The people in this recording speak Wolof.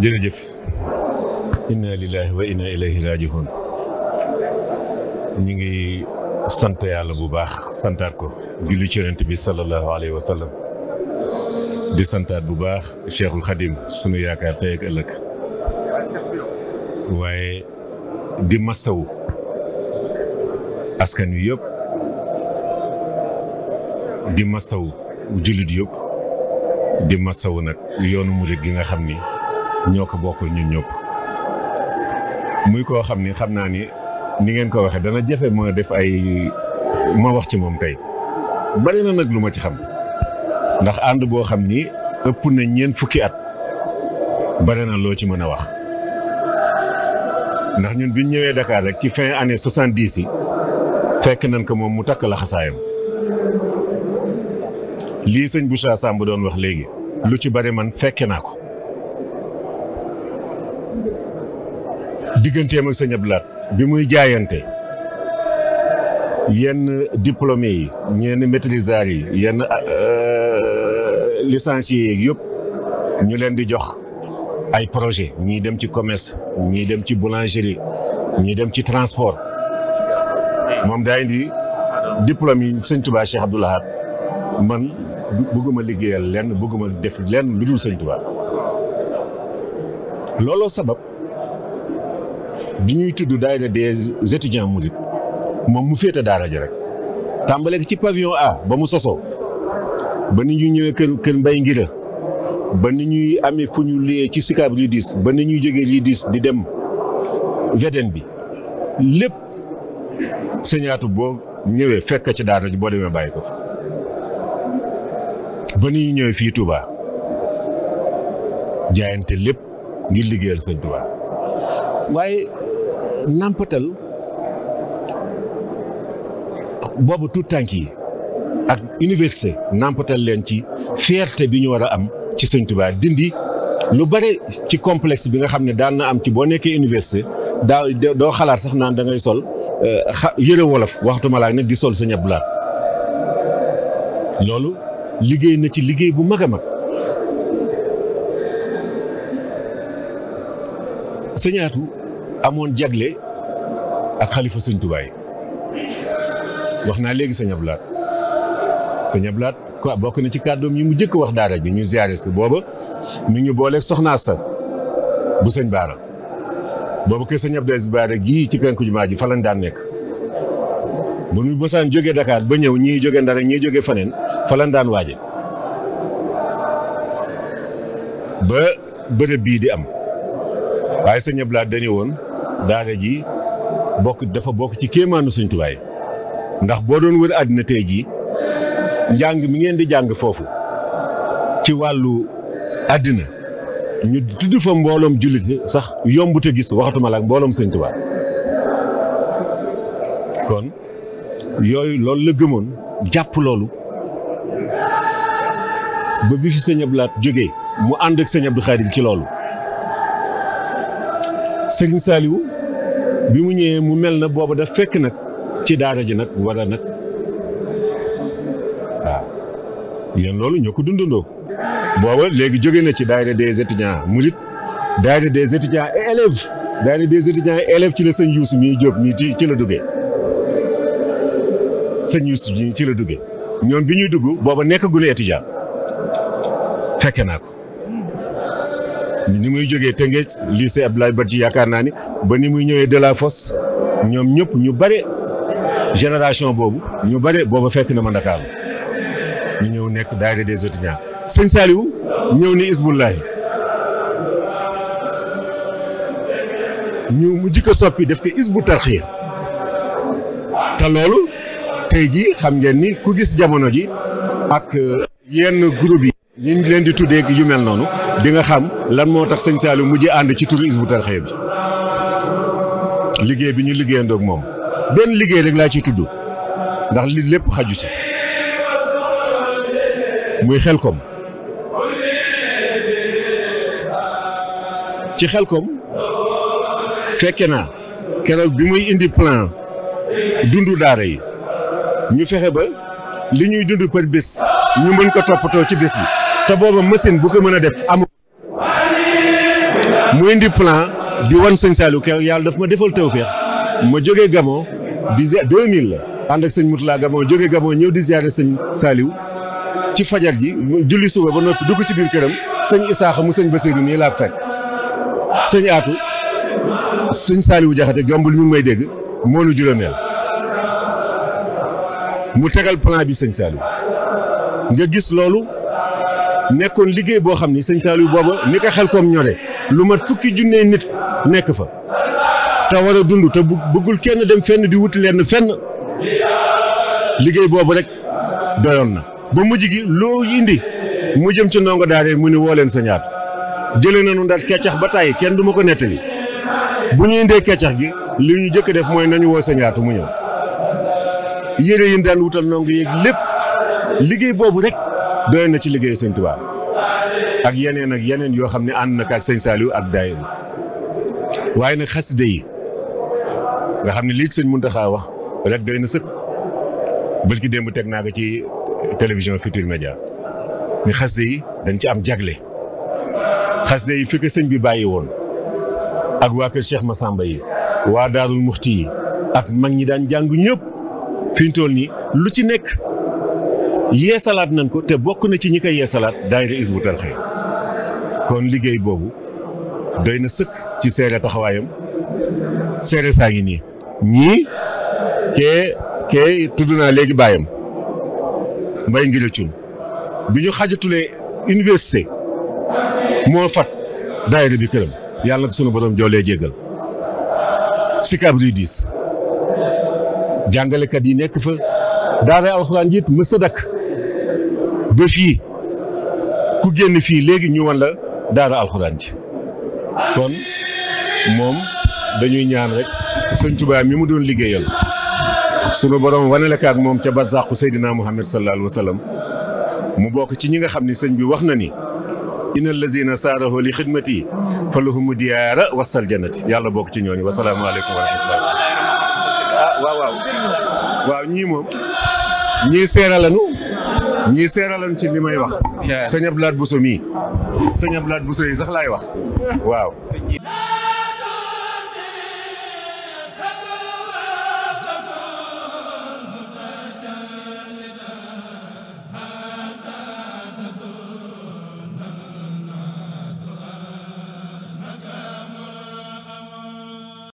jërëjëf inna lillahi wa inna ilayhi rajiun ñu ngi sant yàlla bu baax santaat ko julli ci bi sallallahu alayhi wa sallam di santaat bu baax cheikhul xadim sunu yaakaar tey ak ëllëg waaye di ma masawu askan wi yëpp di ma masawu jullit yëpp di masawu nag yoonu murit gi nga xam ni ñoo ko bokk ñun ñëpp muy koo xam ni xam naa ni ni ngeen ko waxee dana jafe ma def ay ma wax ci moom tey bari na nag lu ma ci xam ndax ànd boo xam ni ëpp na ñeent fukki at bari na loo ci mën a wax ndax ñun biñ ñëwee Dakar rek ci fin année soixante dix yi fekk nañ ko moom mu takk la xasaayam lii sëñ Bouchra Samb doon wax léegi lu ci bari man fekke naa ko digganteem ak sëñ bi muy jaayante yenn diplômé yi yenn maîtrisards yi yenn euh, licenciés yeeg yëpp ñu leen di jox ay projet ñii dem ci commerce ñuy dem ci boulangerie ñuy dem ci transport moom daa indi diplôme yi sëñ Touba Cheikh Abdou Lahad man bëgguma liggéeyal lenn bëgguma def lenn lu dul sëñ Touba looloo sabab bi ñuy tudd daayira des étudiants mourides moom mu féete daara ja rek tàmbale ci pavillon A ba mu sosoo ba ni ñuy ñëwee kër kër mbay ngira ba ni ñuy amee fu ñu liyee ci sikaab lii diis ba ni ñuy jógee lii diis di dem veden bi lépp sëñaatu boo ñëwee fekk ci daara ji boo demee bàyyi ko ba ni ñu ñëwee fii Touba jaayante lépp ngir liggéeyal sëñ Tuubaa waaye nàmpatal boobu tuut tànk yi ak université nàmpatal leen ci feerte bi ñu war a am ci sëñ tubaa dindi lu bare ci complexe bi nga xam ne daal na am ci boo nekkee université daa doo xalaat sax naan da ngay sol euh, yëre wolof waxtuma laa nag di sol sa ñab loolu liggéey na ci liggéey bu mag a mag sëñ Atou amoon jagle ak xalifa sëñ Touba wax naa léegi sëñ Ablaat sëñ ko quoi bokk na ci kàddoom yi mu jëkk wax daara bi ñu ziare si booba mi ngi ñu booleeg soxnaa sa bu sëñ Baara boobu kër sëñ Abdou Baara gii ci penku jumaa ji fa daan nekk. bu ñu bosaan jógee Dakar ba ñëw ñii jógee Ndar ñii jógee faneen fa lañ daan waaje ba bërëb bii di am. waaye sëñ Abdou Lahad dañu woon daara ji bokk dafa bokk ci kéemaanu sëñ Tuubaa ndax boo doon wër àddina tey jii njàng mi ngeen di jàng foofu ci wàllu àddina ñu tudd fa mbooloom jullit sax yombut te gis waxatuma la ak mbooloom sëñ Tuubaa kon yooyu loolu la gëmoon jàpp loolu ba bi fi sëñ Abdou Lahad mu ànd ak sëñ Abdou Khadir ci loolu Serigne Saliou bi mu ñëwee mu mel na booba daf fekk nag ci daara ji nag war a nag waaw yéen loolu ñoo ko dundandoo booba léegi jóge na ci daara des étudiants murit daara des étudiants et élèves daara des étudiants et élèves ci la sëñ Youssou mii Diop mii ci ci la duggee sëñ Youssou mii ci la duggee ñoom bi ñuy dugg booba nekk gu ne étudiant fekke naa ko ni muy jógee Tëngéej lycée Abdoulaye Badji yaakaar naa ni ba ni muy ñëwee Delafosse ñoom ñëpp ñu bare génération boobu ñu bare booba fekk na ma Ndakaaru ñu ñëw nekk daayira des étudiants sëñ Saliou ñëw ni Isbullahi ñu mu jikko soppi def ko Isbu Tarxiya te loolu tey ji xam ngeen ni ku gis jamono ji ak euh, yenn groupe yi ñu ngi leen di tuddee yu mel noonu di nga xam lan moo tax sëñ Saliou mujjee ànd ci turu Hizbut Tarqiyyah bi liggéey bi ñu liggéeyandoog moom benn liggéey rek laa ciy tudd ndax li lépp xaju ci muy xel xelkom ci xel xelkom fekke naa keroog bi muy indi plan dundu daara yi ñu fexe ba li ñuy dund par bés ñu mën ko toppatoo ci bés bi te booba machine bu ko mën a def amul. mu indi plan di wan sëñ Saliou Kër yàlla daf ma defal tawfeex ma jógee Gabon di ziar 2000 la ànd ak sëñ Moutala Gabon jógee Gabon ñëw di ziare sëñ Saliou ci fajar ji julli suba ba noppi dugg ci biir këram sëñ Isaaxa mu sëñ Basiiru nii laa fekk sëñ Aatu sëñ Saliou Jaxate jombul mi ngi may dégg moonu juróomeel mu tegal plan bi sëñ Saliou nga gis loolu nekkoon liggéey boo xam ni sëñ Saliou booba ni ko xel koom ñore lu mat fukki junne nit nekk fa te war a dund te bëggul kenn dem fenn di wuti lenn fenn liggéey boobu rek doyoon na ba mujj gi loo indi mu jëm ci ndongo daare mu ni woo leen sa ñaat jëlee nu ndax keccax ba tàyyi kenn du ma ko nettali bu ñu indee keccax gi li ñu jëkk def mooy nañu woo sa ñaatu mu ñëw yére yi daan wutal ndongo yeeg lépp liggéey boobu rek doy na ci liggéey sëñ Tuubaa ak yeneen ak yeneen yoo xam ne ànd na ak sëñ Saliou ak daayira waaye nag xasida yi nga xam ne lii sëñ Muntaxa wax rek doy na sëkk bërki démb teg naa ko ci télévision Futurs Médias ni xasida yi dañ ci am jagle xasida yi fi ko sëñ bi bàyyi woon ak waa kër Cheikh Massamba yi waa Daarul Muxti yi ak mag ñi daan jàng ñëpp fi ñu toll lu ci nekk yeesalaat nañ ko te bokk na ci ñi koy yeesalaat daayira Hizbut Tarqiyyah kon liggéey boobu doy na sëkk ci seere taxawaayam seere saa ngi nii ñii kee kee tudd naa léegi baayam mbay ngir cun bi ñu xajatulee université moo fat daayira bi këram yàlla sunu borom joolee jéggal sikab ri diis jàngalekat yi nekk fa daara alxuraan jiit mës dakk ba fii ku génn fii léegi ñu wan la daara alxuraan ji kon moom dañuy ñaan rek sëñ Tuubaa mi mu doon liggéeyal sunu borom wane la ak moom ca barsàqu Seydina Muhammad sallallahu alayhi wa sallam mu bokk ci ñi nga xam ni sëñ bi wax na ni inna allazina saarahu li xidmati fa lahumu diyaara wasal jannati yàlla bokk ci ñooñu wasalaamaaleykum wa rahmatullah ah waaw waaw waaw ñii moom ñii seera lanu ñii seeralan ci li may wax. sëñ Abdou Lahad Bousso mii sëñ Abdou Lahad Bousso yi sax laay wax waaw.